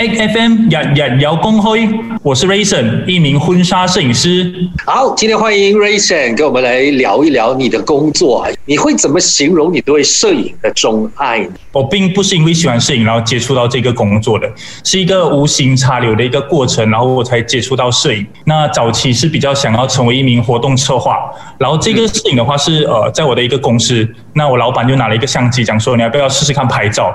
A F M 日日聊公開，我是 Rayson，一名婚紗攝影師。好，今天歡迎 Rayson，跟我們來聊一聊你的工作。你會怎麼形容你對攝影的鍾愛呢？我並不是因為喜歡攝影然後接觸到這個工作的，是一個無形插柳的一個過程，然後我才接觸到攝影。那早期是比較想要成為一名活動策劃，然後這個攝影的話是，嗯、呃，在我的一個公司，那我老闆就拿了一個相機，講說，你要不要試試看拍照？